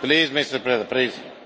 Please, Mr. President, please.